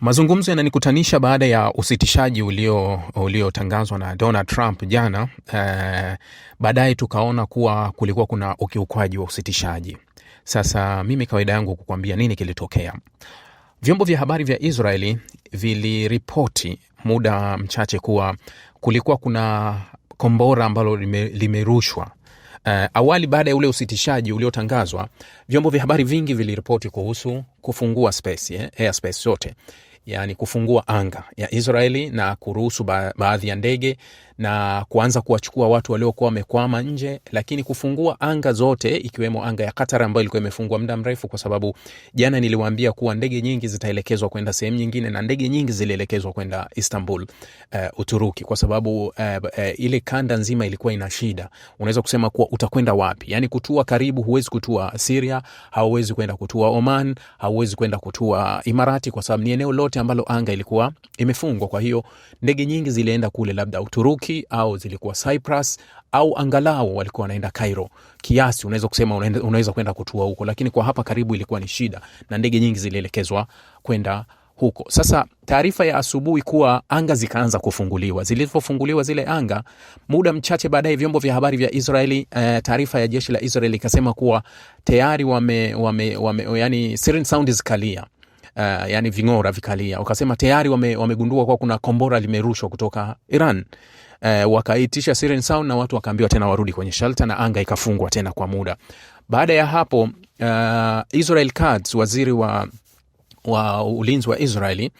Mazungumzo yananikutanisha baada ya usitishaji uliotangazwa ulio na Donald Trump jana. Eh, baadaye tukaona kuwa kulikuwa kuna ukiukwaji wa usitishaji. Sasa mimi kawaida yangu kukuambia nini kilitokea. Vyombo vya habari vya Israeli viliripoti muda mchache kuwa kulikuwa kuna kombora ambalo limerushwa Uh, awali baada ya ule usitishaji uliotangazwa, vyombo vya habari vingi viliripoti kuhusu kufungua space, eh, airspace zote yani kufungua anga ya Israeli na kuruhusu ba baadhi ya ndege na kuanza kuwachukua watu waliokuwa wamekwama nje, lakini kufungua anga zote ikiwemo anga ya Qatar ambayo ilikuwa imefungwa muda mrefu, kwa sababu jana niliwaambia kuwa ndege nyingi zitaelekezwa kwenda sehemu nyingine, na ndege nyingi zilielekezwa kwenda Istanbul, uh, Uturuki, kwa sababu uh, uh, ile kanda nzima ilikuwa ina shida. Unaweza kusema kuwa utakwenda wapi? Yani kutua karibu, huwezi kutua Siria, hauwezi kwenda kutua Oman, hauwezi kwenda kutua Imarati, kwa sababu ni eneo lote ambalo anga ilikuwa imefungwa. Kwa hiyo ndege nyingi zilienda kule, labda Uturuki Uturuki au zilikuwa Cyprus au angalau walikuwa wanaenda Cairo kiasi, unaweza kusema unaweza kwenda kutua huko, lakini kwa hapa karibu ilikuwa ni shida na ndege nyingi zilielekezwa kwenda huko. Sasa taarifa ya asubuhi kuwa anga zikaanza kufunguliwa. Zilivyofunguliwa zile anga, muda mchache baadaye vyombo vya habari vya Israeli eh, taarifa ya jeshi la Israeli ikasema kuwa tayari wame, wame, wame, yani siren sound zikalia uh, yani ving'ora vikalia, wakasema tayari wame, wamegundua kuwa kuna kombora limerushwa kutoka Iran. Uh, wakaitisha siren sound na watu wakaambiwa tena warudi kwenye shelter na anga ikafungwa tena kwa muda. Baada ya hapo uh, Israel Katz, waziri wa wa ulinzi wa Israeli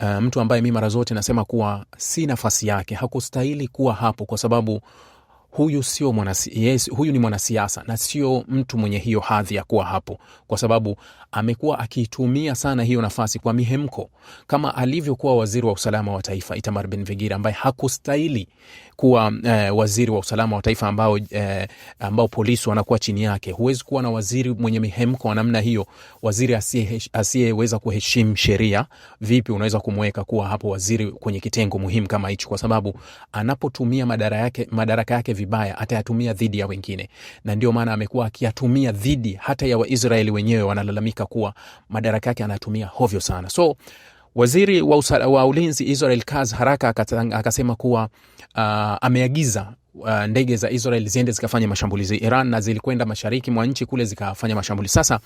uh, mtu ambaye mi mara zote nasema kuwa si nafasi yake, hakustahili kuwa hapo kwa sababu huyu sio mwanasi, yes, huyu ni mwanasiasa na sio mtu mwenye hiyo hadhi ya kuwa hapo, kwa sababu amekuwa akiitumia sana hiyo nafasi kwa mihemko, kama alivyokuwa waziri wa usalama wa taifa Itamar Ben Vigira ambaye hakustahili kuwa eh, waziri wa usalama wa taifa ambao, eh, ambao polisi wanakuwa chini yake. Huwezi kuwa na waziri mwenye mihemko namna hiyo, waziri asiyeweza kuheshimu sheria. Vipi unaweza kumweka kuwa hapo waziri kwenye kitengo muhimu kama hicho? Kwa sababu anapotumia madaraka yake, madaraka yake vipi, vibaya atayatumia dhidi ya wengine, na ndio maana amekuwa akiyatumia dhidi hata ya Waisraeli wenyewe. Wanalalamika kuwa madaraka yake anayatumia hovyo sana. So waziri wa, usala, wa ulinzi Israel Katz haraka akasema kuwa uh, ameagiza Uh, ndege za Israel ziende zikafanya mashambulizi Iran, na zilikwenda mashariki mwa nchi kule zikafanya mashambulizi. Sasa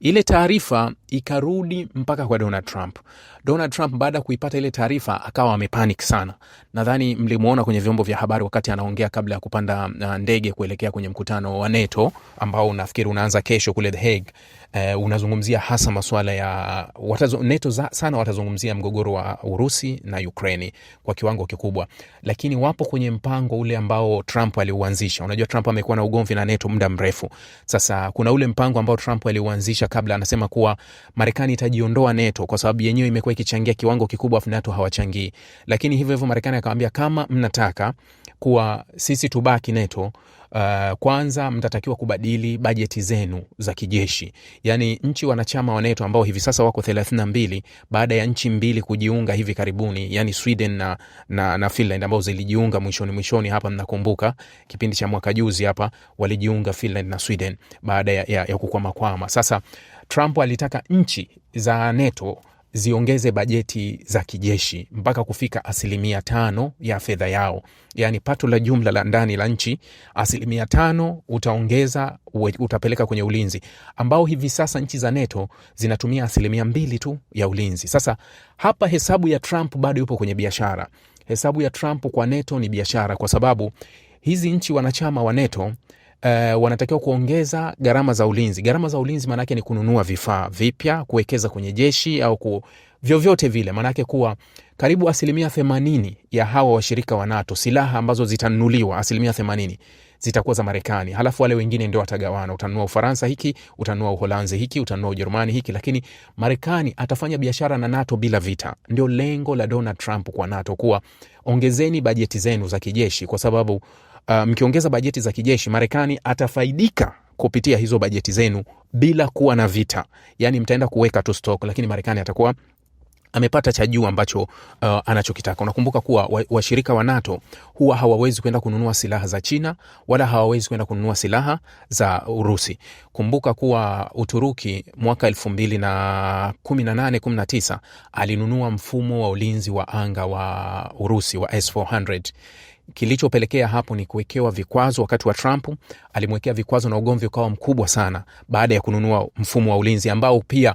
ile taarifa ikarudi mpaka kwa Donald Trump. Donald Trump baada ya kuipata ile taarifa akawa amepanic sana. Nadhani mlimuona kwenye vyombo vya habari wakati anaongea kabla ya kupanda uh, ndege kuelekea kwenye mkutano wa NATO ambao nafikiri unaanza kesho kule The Hague. Uh, unazungumzia hasa masuala ya watazo, NATO za, sana watazungumzia mgogoro wa Urusi na Ukraini kwa kiwango kikubwa, lakini wapo kwenye mpango ule ambao Trump aliuanzisha. Unajua Trump amekuwa na ugomvi na NATO muda mrefu sasa. Kuna ule mpango ambao Trump aliuanzisha kabla, anasema kuwa Marekani itajiondoa NATO kwa sababu yenyewe imekuwa ikichangia kiwango kikubwa, afu NATO hawachangii. Lakini hivyo hivyo Marekani akamwambia kama mnataka kuwa sisi tubaki NATO, Uh, kwanza mtatakiwa kubadili bajeti zenu za kijeshi. Yaani nchi wanachama wa NATO ambao hivi sasa wako 32 baada ya nchi mbili kujiunga hivi karibuni, yani Sweden na, na, na Finland ambao zilijiunga mwishoni mwishoni hapa, mnakumbuka kipindi cha mwaka juzi hapa walijiunga Finland na Sweden baada ya, ya, ya kukwama kwama. Sasa Trump alitaka nchi za NATO ziongeze bajeti za kijeshi mpaka kufika asilimia tano ya fedha yao, yaani pato la jumla la ndani la nchi asilimia tano utaongeza utapeleka kwenye ulinzi, ambao hivi sasa nchi za NATO zinatumia asilimia mbili tu ya ulinzi. Sasa hapa hesabu ya Trump bado yupo kwenye biashara. Hesabu ya Trump kwa NATO ni biashara, kwa sababu hizi nchi wanachama wa NATO Uh, wanatakiwa kuongeza gharama za ulinzi. Gharama za ulinzi maana ni kununua vifaa vipya, kuwekeza kwenye jeshi au ku vyovyote vile, maana yake kuwa karibu asilimia themanini ya hawa washirika wa NATO silaha ambazo zitanunuliwa asilimia themanini zitakuwa za Marekani, halafu wale wengine ndio watagawana. Utanunua Ufaransa hiki, utanunua Uholanzi hiki, utanunua Ujerumani hiki, lakini Marekani atafanya biashara na NATO bila vita. Ndio lengo la Donald Trump kwa NATO, kuwa ongezeni bajeti zenu za kijeshi, kwa sababu uh, mkiongeza bajeti za kijeshi Marekani atafaidika kupitia hizo bajeti zenu bila kuwa na vita. Yani mtaenda kuweka tu stock, lakini Marekani atakuwa amepata cha juu ambacho uh, anachokitaka. Unakumbuka kuwa washirika wa, wa NATO huwa hawawezi kwenda kununua silaha za China wala hawawezi kwenda kununua silaha za Urusi. Kumbuka kuwa Uturuki mwaka 2018 19 alinunua mfumo wa ulinzi wa anga wa Urusi wa S400 Kilichopelekea hapo ni kuwekewa vikwazo. Wakati wa Trump alimwekea vikwazo na ugomvi ukawa mkubwa sana, baada ya kununua mfumo wa ulinzi ambao pia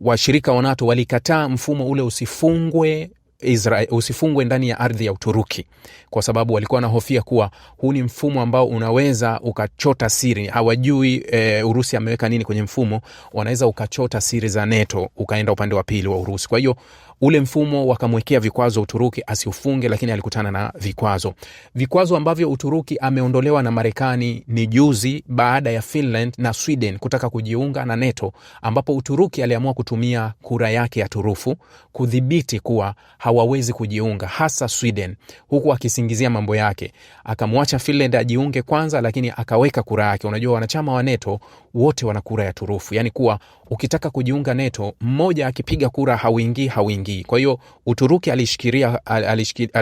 washirika wa NATO walikataa mfumo ule usifungwe Israel, usifungwe ndani ya ardhi ya Uturuki kwa sababu walikuwa wanahofia kuwa huu ni mfumo ambao unaweza ukachota siri. Hawajui e, Urusi ameweka nini kwenye mfumo, wanaweza ukachota siri za NATO ukaenda upande wa pili wa Urusi. Kwa hiyo ule mfumo wakamwekea vikwazo Uturuki asiufunge, lakini alikutana na vikwazo, vikwazo ambavyo Uturuki ameondolewa na Marekani ni juzi baada ya Finland na Sweden kutaka kujiunga na NATO, ambapo Uturuki aliamua kutumia kura yake ya turufu kudhibiti kuwa hawawezi kujiunga, hasa Sweden, huku akisingizia mambo yake. Akamwacha Finland ajiunge kwanza, lakini akaweka kura yake. Unajua, wanachama wa NATO wote wana kura ya turufu, yani kuwa ukitaka kujiunga NATO, mmoja akipiga kura hauingii, hauingii hii. Kwa hiyo Uturuki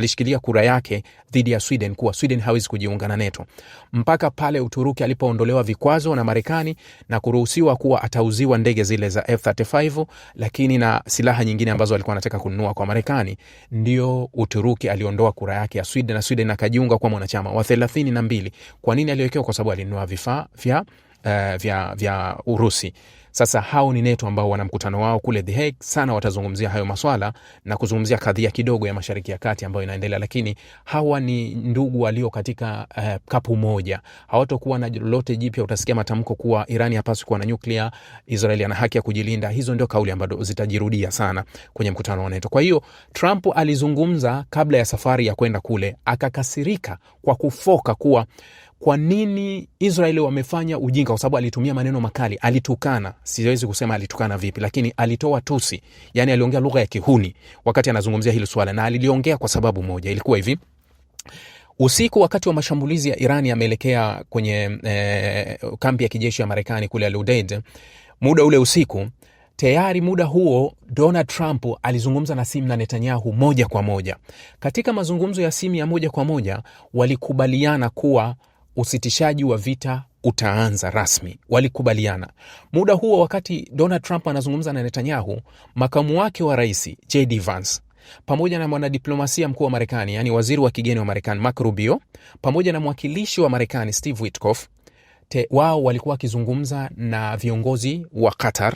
alishikilia, kura yake dhidi ya Sweden kuwa Sweden hawezi kujiunga na neto mpaka pale Uturuki alipoondolewa vikwazo na Marekani na kuruhusiwa kuwa atauziwa ndege zile za F35 lakini na silaha nyingine ambazo alikuwa anataka kununua kwa Marekani. Ndio Uturuki aliondoa kura yake ya Sweden na Sweden akajiunga kuwa mwanachama wa thelathini na mbili. Kwa nini aliwekewa? Kwa sababu alinunua vifaa vya, uh, vya, vya Urusi sasa hao ni NETO ambao wana mkutano wao kule The Hague, sana watazungumzia hayo maswala na kuzungumzia kadhia kidogo ya Mashariki ya Kati ambayo inaendelea, lakini hawa ni ndugu walio katika uh, kapu moja, hawatokuwa na lolote jipya. Utasikia matamko kuwa iran hapaswi kuwa na nyuklia, Israeli ana haki ya kujilinda. Hizo ndio kauli ambazo zitajirudia sana kwenye mkutano wa NETO. Kwa hiyo Trump alizungumza kabla ya safari ya kwenda kule, akakasirika kwa kufoka kuwa kwa nini Israeli wamefanya ujinga, kwa sababu alitumia maneno makali, alitukana siwezi kusema alitukana vipi, lakini alitoa tusi, yani aliongea lugha ya kihuni wakati anazungumzia hili swala, na aliliongea kwa sababu moja, ilikuwa hivi usiku wakati wa mashambulizi ya Iran ameelekea kwenye eh, kambi ya kijeshi ya Marekani kule al muda ule usiku tayari muda huo Donald Trump alizungumza na simu na Netanyahu moja kwa moja. Katika mazungumzo ya simu ya moja kwa moja walikubaliana kuwa usitishaji wa vita utaanza rasmi. Walikubaliana muda huo. Wakati Donald Trump anazungumza na Netanyahu, makamu wake wa rais JD Vance pamoja na mwanadiplomasia mkuu wa Marekani, yaani waziri wa kigeni wa Marekani Mark Rubio, pamoja na mwakilishi wa Marekani Steve Witkoff te, wao walikuwa wakizungumza na viongozi wa Qatar,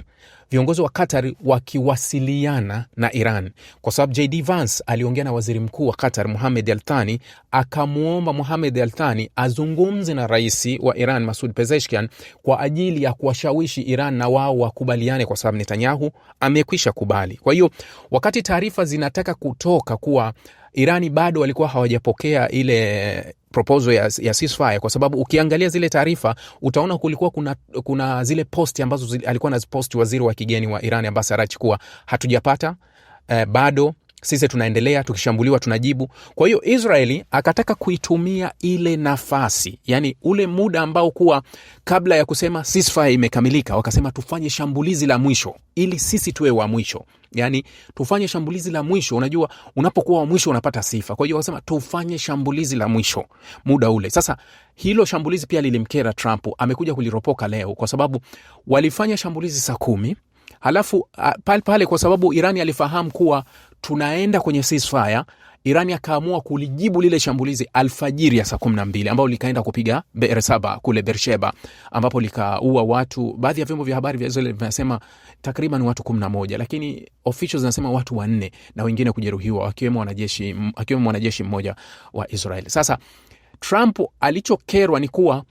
viongozi wa Qatar wakiwasiliana na Iran, kwa sababu JD Vance aliongea na waziri mkuu wa Qatar muhamed althani akamwomba muhamed althani azungumze na rais wa Iran masud Pezeshkian kwa ajili ya kuwashawishi Iran na wao wakubaliane, kwa sababu Netanyahu amekwisha kubali. Kwa hiyo wakati taarifa zinataka kutoka kuwa Irani bado walikuwa hawajapokea ile proposal ya, ya ceasefire kwa sababu ukiangalia zile taarifa utaona kulikuwa kuna, kuna zile posti ambazo zi, alikuwa anaziposti waziri wa kigeni wa Iran Abbas Araghchi kuwa hatujapata eh, bado sisi tunaendelea tukishambuliwa tunajibu. Kwa hiyo Israeli akataka kuitumia ile nafasi, yani ule muda ambao kuwa kabla ya kusema ceasefire imekamilika, wakasema tufanye shambulizi la mwisho ili sisi tuwe wa mwisho, yani tufanye shambulizi la mwisho. Unajua, unapokuwa wa mwisho unapata sifa. Kwa hiyo wakasema tufanye shambulizi la mwisho muda ule. Sasa hilo shambulizi pia lilimkera Trump, amekuja kuliropoka leo kwa sababu walifanya shambulizi saa kumi Halafu pale pale, kwa sababu Irani alifahamu kuwa tunaenda kwenye ceasefire, Irani akaamua kulijibu lile shambulizi alfajiri ya saa kumi na mbili ambao likaenda kupiga Beer Saba kule Bersheba, ambapo likaua watu. Baadhi ya vyombo vya habari vya Israel vinasema takriban watu kumi na moja lakini officials zinasema watu wanne na wengine kujeruhiwa, akiwemo wanajeshi akiwemo mwanajeshi mmoja wa Israel. Sasa Trump alichokerwa ni kuwa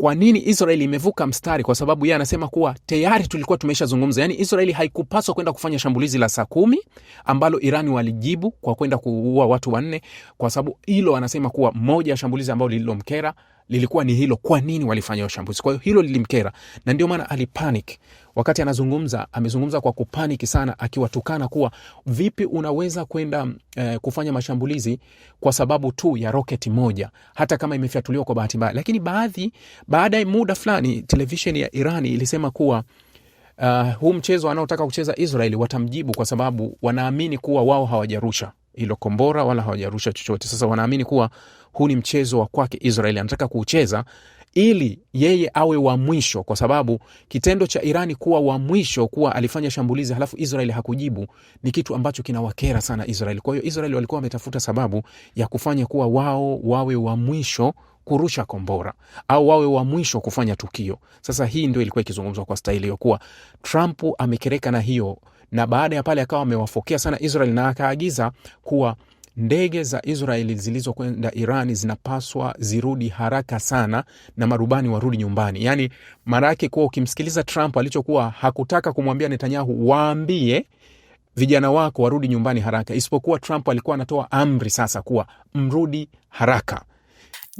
kwa nini Israeli imevuka mstari? Kwa sababu yeye anasema kuwa tayari tulikuwa tumeshazungumza, yaani Israeli haikupaswa kwenda kufanya shambulizi la saa kumi ambalo Irani walijibu kwa kwenda kuua watu wanne, kwa sababu hilo anasema kuwa moja ya shambulizi ambalo lililomkera lilikuwa ni hilo, kwa nini walifanya ushambuzi Kwa hiyo hilo lilimkera, na ndio maana alipanic wakati anazungumza. Amezungumza kwa kupanic sana, akiwatukana kuwa vipi unaweza kwenda eh, kufanya mashambulizi kwa sababu tu ya roketi moja, hata kama imefyatuliwa kwa bahati mbaya. Lakini baadhi, baada ya muda fulani, televisheni ya Irani ilisema kuwa uh, huu mchezo anaotaka kucheza Israeli watamjibu kwa sababu wanaamini kuwa wao hawajarusha hilo kombora wala hawajarusha chochote. Sasa wanaamini kuwa huu ni mchezo wa kwake Israeli, anataka kuucheza ili yeye awe wa mwisho, kwa sababu kitendo cha Irani kuwa wa mwisho, kuwa alifanya shambulizi halafu Israeli hakujibu ni kitu ambacho kinawakera sana Israeli. Kwa hiyo Israeli walikuwa wametafuta sababu ya kufanya kuwa wao wawe wa mwisho kurusha kombora au wawe wa mwisho kufanya tukio. Sasa hii ndio ilikuwa ikizungumzwa kwa staili hiyo, kuwa Trump amekereka na hiyo na baada ya pale akawa amewafokea sana Israel na akaagiza kuwa ndege za Israeli zilizokwenda Irani zinapaswa zirudi haraka sana na marubani warudi nyumbani. Yaani mara yake kuwa ukimsikiliza Trump, alichokuwa hakutaka kumwambia Netanyahu, waambie vijana wako warudi nyumbani haraka, isipokuwa Trump alikuwa anatoa amri sasa kuwa mrudi haraka.